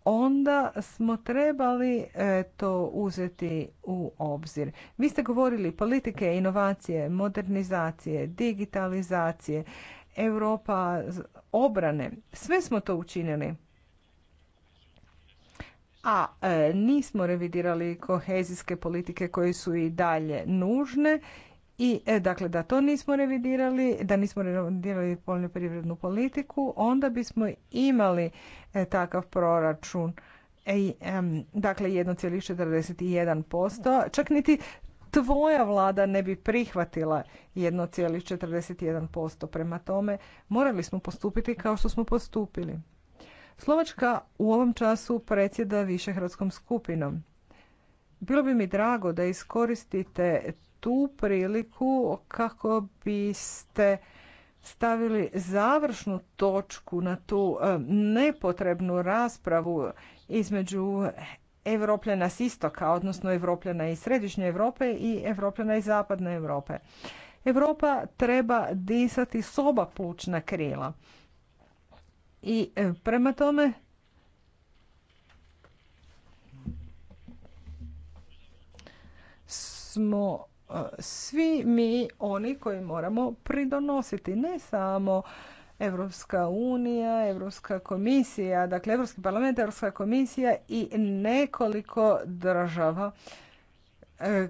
onda smo trebali e, to uzeti u obzir. Vi ste govorili politike, inovacije, modernizacije, digitalizacije, Europa obrane. Sve smo to učinili. A e, nismo revidirali kohezijske politike koje su i dalje nužne i e, dakle da to nismo revidirali, da nismo revidirali poljoprivrednu politiku, onda bismo imali e, takav proračun. E, dakle 1,41%, čak niti tvoja vlada ne bi prihvatila 1,41%. Prema tome, morali smo postupiti kao što smo postupili. Slovačka u ovom času predsjeda višehradskom skupinom. Bilo bi mi drago da iskoristite tu priliku kako biste stavili završnu točku na tu eh, nepotrebnu raspravu između Evropljena s istoka, odnosno Evropljena iz središnje Europe i Evropljena iz zapadne Europe. Evropa treba disati soba plućna krila. I e, prema tome smo e, svi mi oni koji moramo pridonositi ne samo Evropska unija, Evropska komisija, dakle Evropski parlament, Evropska komisija i nekoliko država e,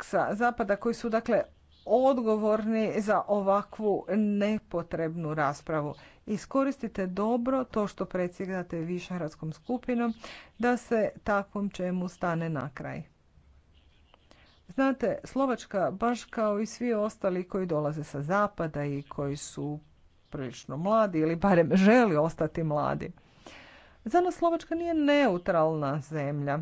sa zapada koji su dakle odgovorni za ovakvu nepotrebnu raspravu. Iskoristite dobro to što predsjedate višehradskom skupinom da se takvom čemu stane na kraj. Znate, Slovačka, baš kao i svi ostali koji dolaze sa zapada i koji su prilično mladi ili barem želi ostati mladi. Za nas Slovačka nije neutralna zemlja.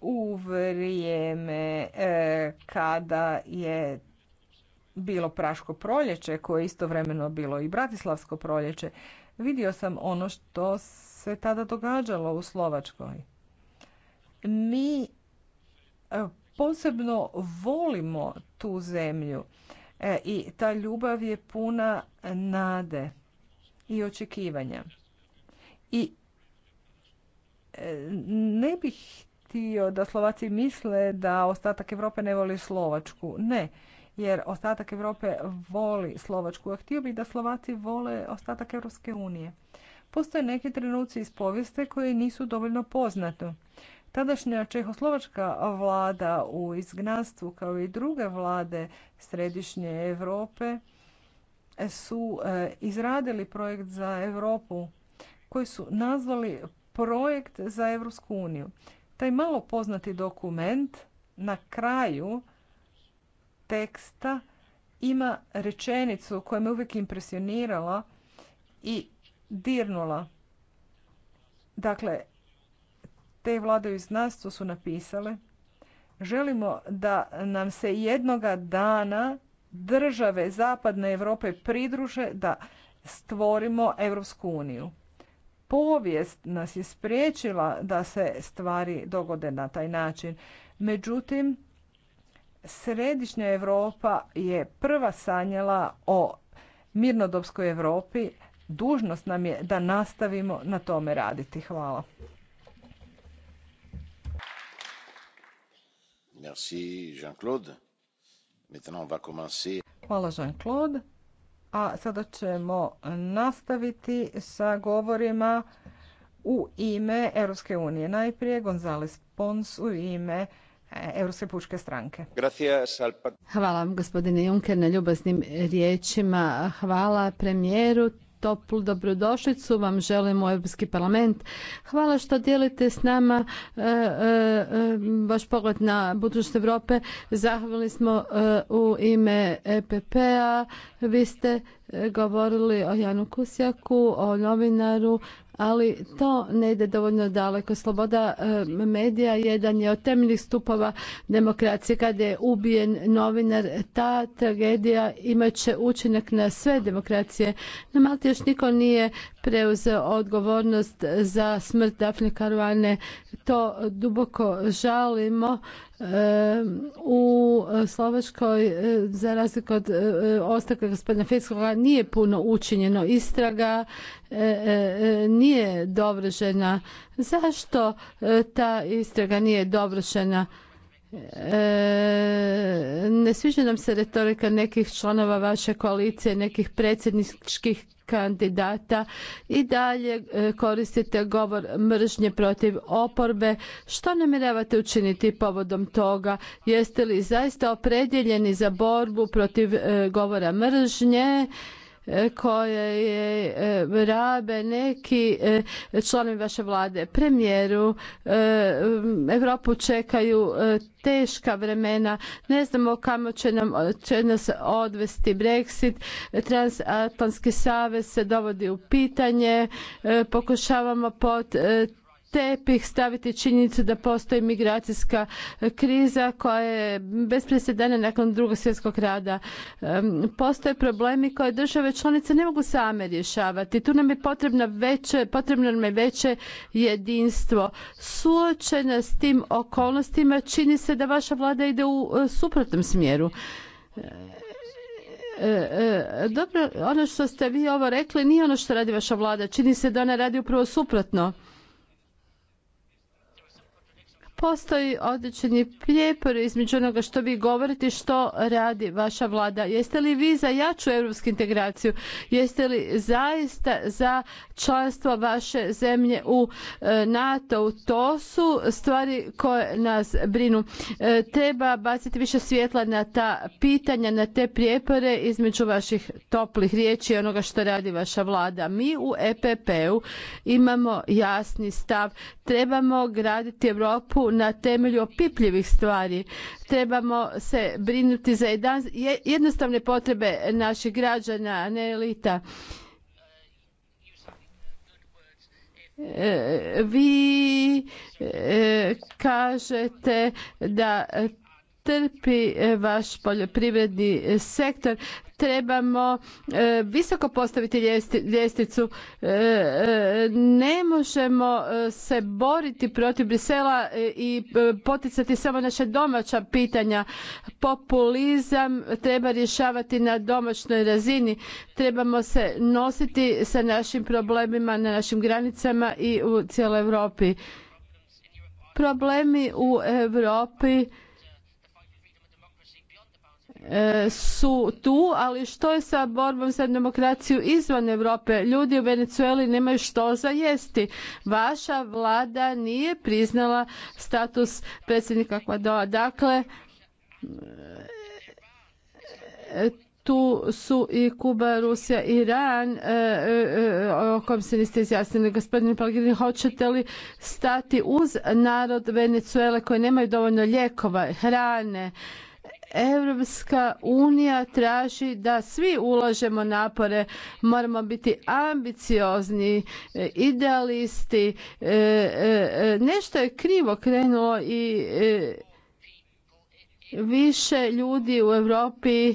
U vrijeme e, kada je bilo Praško proljeće, koje je istovremeno bilo i Bratislavsko proljeće, vidio sam ono što se tada događalo u Slovačkoj. Mi e, posebno volimo tu zemlju E, i ta ljubav je puna nade i očekivanja. I e, ne bih htio da Slovaci misle da ostatak Europe ne voli Slovačku. Ne, jer ostatak Europe voli Slovačku. A htio bih da Slovaci vole ostatak Europske unije. Postoje neki trenuci iz povijeste koji nisu dovoljno poznati. Tadašnja čehoslovačka vlada u izgnanstvu kao i druge vlade središnje Europe su e, izradili projekt za Europu koji su nazvali projekt za Europsku uniju. Taj malo poznati dokument na kraju teksta ima rečenicu koja me uvijek impresionirala i dirnula. Dakle, te vlade nas to su napisale želimo da nam se jednoga dana države zapadne Europe pridruže da stvorimo Europsku uniju. Povijest nas je spriječila da se stvari dogode na taj način. Međutim, Središnja Europa je prva sanjala o mirnodopskoj Europi. Dužnost nam je da nastavimo na tome raditi. Hvala. Merci Jean-Claude. Maintenant on va commencer. Hvala Jean-Claude. A sada ćemo nastaviti sa govorima u ime Europske unije. Najprije Gonzales Pons u ime e, Europske pučke stranke. Pa- Hvala vam gospodine Juncker na ljubaznim riječima. Hvala premijeru toplu dobrodošlicu vam želim u Europski parlament. Hvala što dijelite s nama e, e, e, vaš pogled na budućnost Europe. Zahvalili smo u ime EPP-a. Vi ste govorili o Janu Kusjaku, o novinaru ali to ne ide dovoljno daleko. Sloboda e, medija jedan je od temeljnih stupova demokracije. Kad je ubijen novinar, ta tragedija imat će učinak na sve demokracije. Na Malti još niko nije preuzeo odgovornost za smrt Dafne Karuane. To duboko žalimo u e, Slovačkoj, e, za razliku od e, ostaka gospodina Fiskoga, nije puno učinjeno. Istraga nije dovršena. Zašto ta istraga nije dovršena? E, ne sviđa nam se retorika nekih članova vaše koalicije, nekih predsjedničkih kandidata i dalje e, koristite govor mržnje protiv oporbe. Što namjeravate učiniti povodom toga? Jeste li zaista opredjeljeni za borbu protiv e, govora mržnje E, koje je e, rabe neki e, članovi vaše vlade. Premijeru, Europu čekaju teška vremena, ne znamo kamo će, nam, će nas odvesti Brexit, Transatlantski savez se dovodi u pitanje, pokušavamo pod tepih staviti činjenicu da postoji migracijska kriza koja je bez nakon drugog svjetskog rada. Postoje problemi koje države članice ne mogu same rješavati. Tu nam je potrebno veće, potrebno nam je veće jedinstvo. Suočena s tim okolnostima čini se da vaša vlada ide u e, suprotnom smjeru. E, e, dobro, ono što ste vi ovo rekli nije ono što radi vaša vlada. Čini se da ona radi upravo suprotno postoji određeni prijepor između onoga što vi govorite i što radi vaša vlada. Jeste li vi za jaču europsku integraciju? Jeste li zaista za članstvo vaše zemlje u e, NATO? To su stvari koje nas brinu. E, treba baciti više svjetla na ta pitanja, na te prijepore između vaših toplih riječi i onoga što radi vaša vlada. Mi u EPP-u imamo jasni stav. Trebamo graditi Europu na temelju opipljivih stvari. Trebamo se brinuti za jednostavne potrebe naših građana, a ne elita. E, vi e, kažete da trpi vaš poljoprivredni sektor trebamo e, visoko postaviti ljestvicu. E, e, ne možemo se boriti protiv Brisela i poticati samo naše domaća pitanja. Populizam treba rješavati na domaćnoj razini. Trebamo se nositi sa našim problemima na našim granicama i u cijeloj Europi. Problemi u Europi E, su tu, ali što je sa borbom za demokraciju izvan Europe? Ljudi u Venezueli nemaju što za jesti. Vaša vlada nije priznala status predsjednika Kvadoa. Dakle, e, tu su i Kuba, Rusija, Iran, e, o kojem se niste izjasnili. Gospodine Palgini, hoćete li stati uz narod Venezuele koji nemaju dovoljno ljekova, hrane, Evropska unija traži da svi ulažemo napore, moramo biti ambiciozni, e, idealisti. E, e, nešto je krivo krenulo i više ljudi u Europi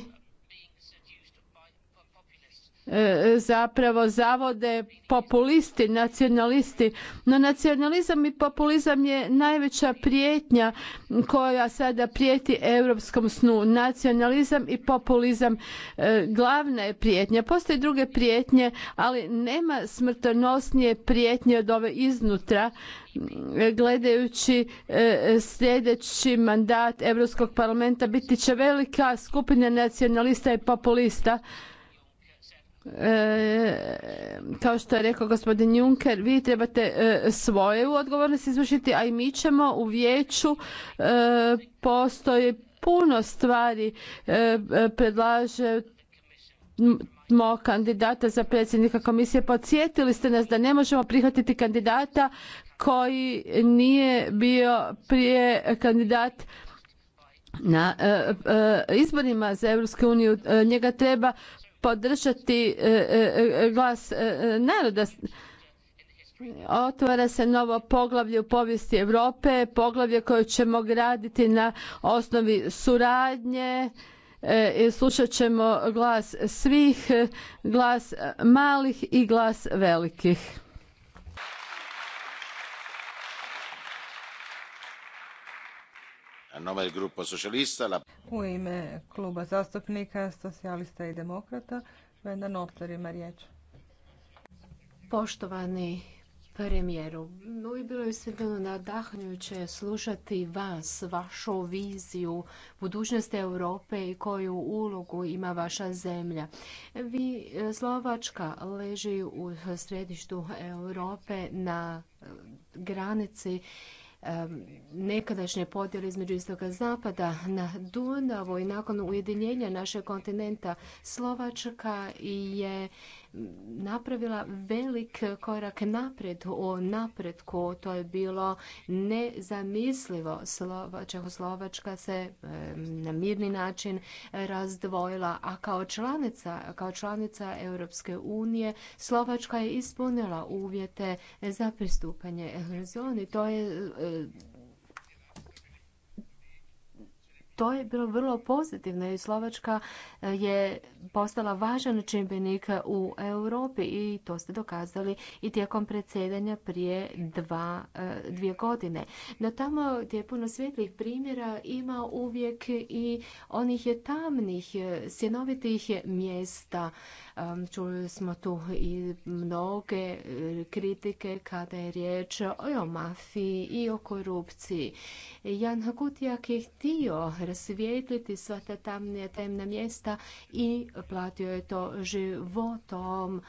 E, zapravo zavode populisti, nacionalisti. No nacionalizam i populizam je najveća prijetnja koja sada prijeti europskom snu. Nacionalizam i populizam e, glavna je prijetnja. Postoje druge prijetnje, ali nema smrtonosnije prijetnje od ove iznutra e, gledajući sljedeći mandat Europskog parlamenta biti će velika skupina nacionalista i populista E, kao što je rekao gospodin Juncker, vi trebate e, svoje svoju odgovornost izvršiti, a i mi ćemo u vijeću Postoje postoji puno stvari e, predlaže mo kandidata za predsjednika komisije. Podsjetili ste nas da ne možemo prihvatiti kandidata koji nije bio prije kandidat na izborima za EU. Njega treba podržati e, e, e, glas naroda. Otvara se novo poglavlje u povijesti Europe, poglavlje koje ćemo graditi na osnovi suradnje, slušat ćemo glas svih, glas malih i glas velikih. U ime kluba zastupnika socijalista i demokrata, Venda Nopter ima riječ. Poštovani premijeru, bilo je sve bilo nadahnjuće slušati vas, vašu viziju budućnosti Europe i koju ulogu ima vaša zemlja. Vi, Slovačka, leži u središtu Europe na granici nekadašnje podjele između istoga zapada na Dunavu i nakon ujedinjenja našeg kontinenta Slovačka je napravila velik korak napred u napretku. To je bilo nezamislivo. Čehoslovačka se na mirni način razdvojila, a kao članica, kao članica Europske unije Slovačka je ispunila uvjete za pristupanje eurozoni. To je to je bilo vrlo pozitivno i Slovačka e, je postala važan čimbenik u Europi i to ste dokazali i tijekom predsjedanja prije dva, e, dvije godine. Na tamo gdje je puno svjetlih primjera ima uvijek i onih je tamnih, e, sjenovitih mjesta. Čuli smo tu i mnoge kritike kada je riječ o mafiji i o korupciji. Jan Kutijak je htio rasvijetliti sva ta tamne temna mjesta i platio je to životom.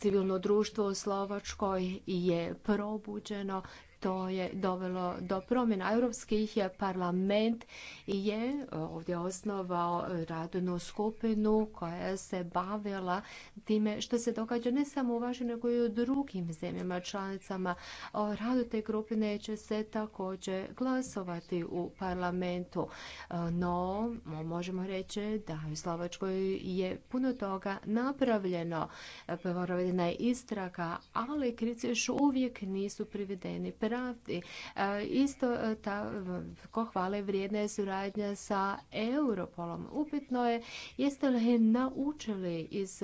civilno društvo u Slovačkoj je probuđeno to je dovelo do promjena. Europski parlament je e, ovdje osnovao radnu skupinu koja se bavila time što se događa ne samo u vašoj nego i u drugim zemljama članicama. O radu te grupe neće se također glasovati u parlamentu. E, no, možemo reći da u Slovačkoj je puno toga napravljeno. E, provedena je istraga, ali krici još uvijek nisu privedeni pravi E, isto e, ko hvale vrijedna je suradnja sa Europolom. Upitno je jeste li naučili iz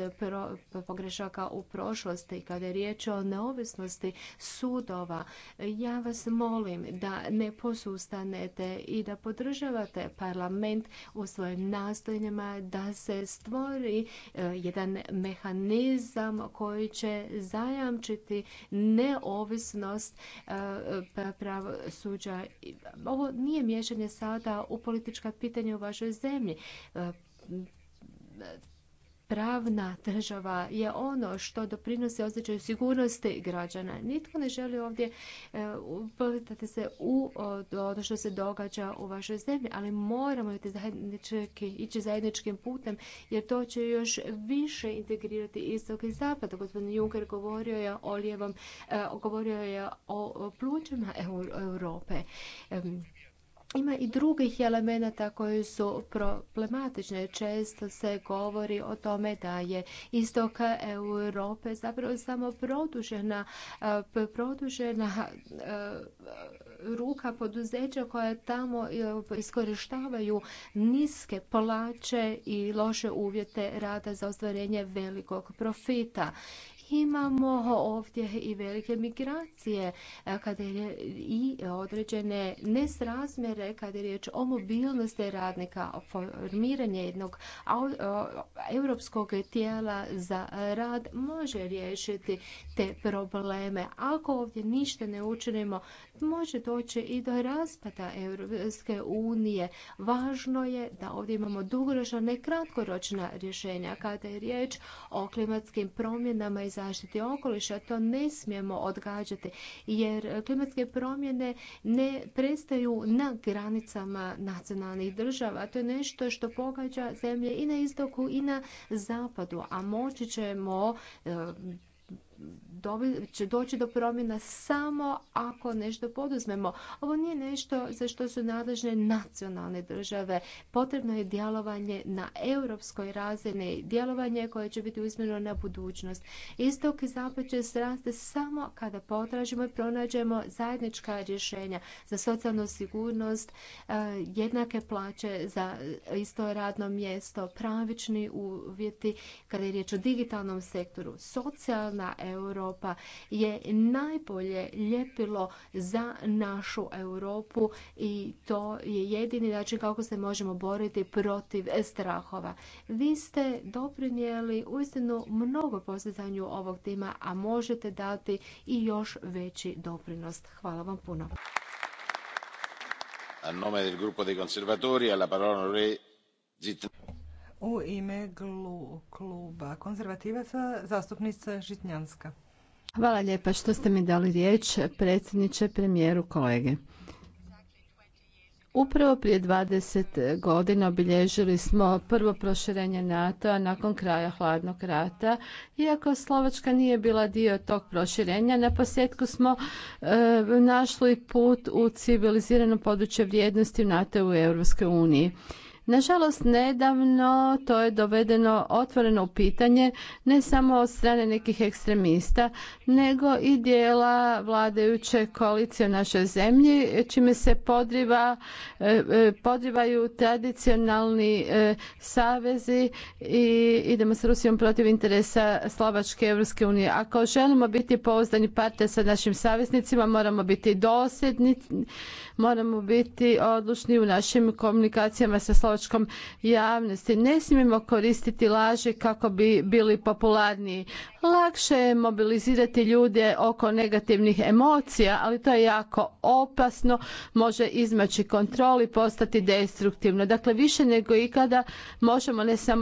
pogrešaka u prošlosti kada je riječ o neovisnosti sudova. Ja vas molim da ne posustanete i da podržavate parlament u svojim nastojanjima da se stvori e, jedan mehanizam koji će zajamčiti neovisnost pa pravosuđa. Ovo nije miješanje sada u politička pitanja u vašoj zemlji Ravna država je ono što doprinosi osjećaju sigurnosti građana. Nitko ne želi ovdje e, uplitati se u ono što se događa u vašoj zemlji, ali moramo zajednički, ići zajedničkim putem jer to će još više integrirati istok i zapad. Gospodin Juncker govorio je o lijevom, e, govorio je o plućima Europe ima i drugih elemenata koji su problematične. Često se govori o tome da je istoka Europe zapravo samo produžena, e, produžena e, ruka poduzeća koja tamo e, iskorištavaju niske plaće i loše uvjete rada za ostvarenje velikog profita imamo ovdje i velike migracije e, kada je i određene nesrazmjere kada je riječ o mobilnosti radnika, formiranje jednog e, europskog tijela za rad može riješiti te probleme. Ako ovdje ništa ne učinimo, može doći i do raspada Europske unije. Važno je da ovdje imamo dugoročna, ne kratkoročna rješenja kada je riječ o klimatskim promjenama i za zaštiti okoliša. To ne smijemo odgađati jer klimatske promjene ne prestaju na granicama nacionalnih država. To je nešto što pogađa zemlje i na istoku i na zapadu, a moći ćemo će doći do promjena samo ako nešto poduzmemo. Ovo nije nešto za što su nadležne nacionalne države. Potrebno je djelovanje na europskoj razini, djelovanje koje će biti usmjereno na budućnost. Istok i zapad će samo kada potražimo i pronađemo zajednička rješenja za socijalnu sigurnost, e, jednake plaće za isto radno mjesto, pravični uvjeti kada je riječ o digitalnom sektoru, socijalna Europa je najbolje ljepilo za našu Europu i to je jedini način kako se možemo boriti protiv strahova. Vi ste doprinijeli uistinu mnogo postizanju ovog tima, a možete dati i još veći doprinos. Hvala vam puno. nome del u ime kluba konzervativaca zastupnica Žitnjanska. Hvala lijepa što ste mi dali riječ, predsjedniče, premijeru, kolege. Upravo prije 20 godina obilježili smo prvo proširenje NATO-a nakon kraja hladnog rata. Iako Slovačka nije bila dio tog proširenja, na posjetku smo e, našli put u civilizirano područje vrijednosti NATO u Europskoj uniji. Nažalost, nedavno to je dovedeno otvoreno u pitanje ne samo od strane nekih ekstremista, nego i dijela vladajuće koalicije u našoj zemlji, čime se podriva, e, e, podrivaju tradicionalni e, savezi i idemo s Rusijom protiv interesa Slovačke i Europske unije. Ako želimo biti pouzdani partner sa našim saveznicima, moramo biti dosjedni, moramo biti odlučni u našim komunikacijama sa slovačkom javnosti. Ne smijemo koristiti laže kako bi bili popularniji. Lakše je mobilizirati ljude oko negativnih emocija, ali to je jako opasno, može izmaći kontrol i postati destruktivno. Dakle, više nego ikada možemo ne samo